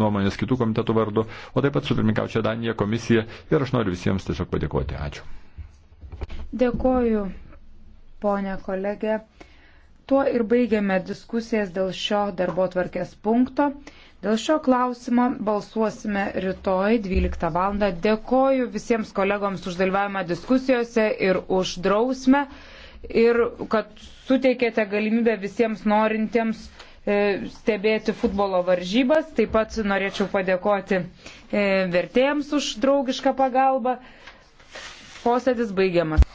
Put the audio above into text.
nuomonės kitų komitetų vardu, o taip pat su pirmininkaučia Danija komisija ir aš noriu visiems tiesiog padėkoti. Ačiū. Dėkoju, ponė kolegė. Tuo ir baigiame diskusijas dėl šio darbo tvarkės punkto. Dėl šio klausimo balsuosime rytoj 12 val. Dėkoju visiems kolegoms už dalyvavimą diskusijose ir už drausmę ir kad suteikėte galimybę visiems norintiems E, stebėti futbolo varžybas. Taip pat norėčiau padėkoti e, vertėjams už draugišką pagalbą. Posėdis baigiamas.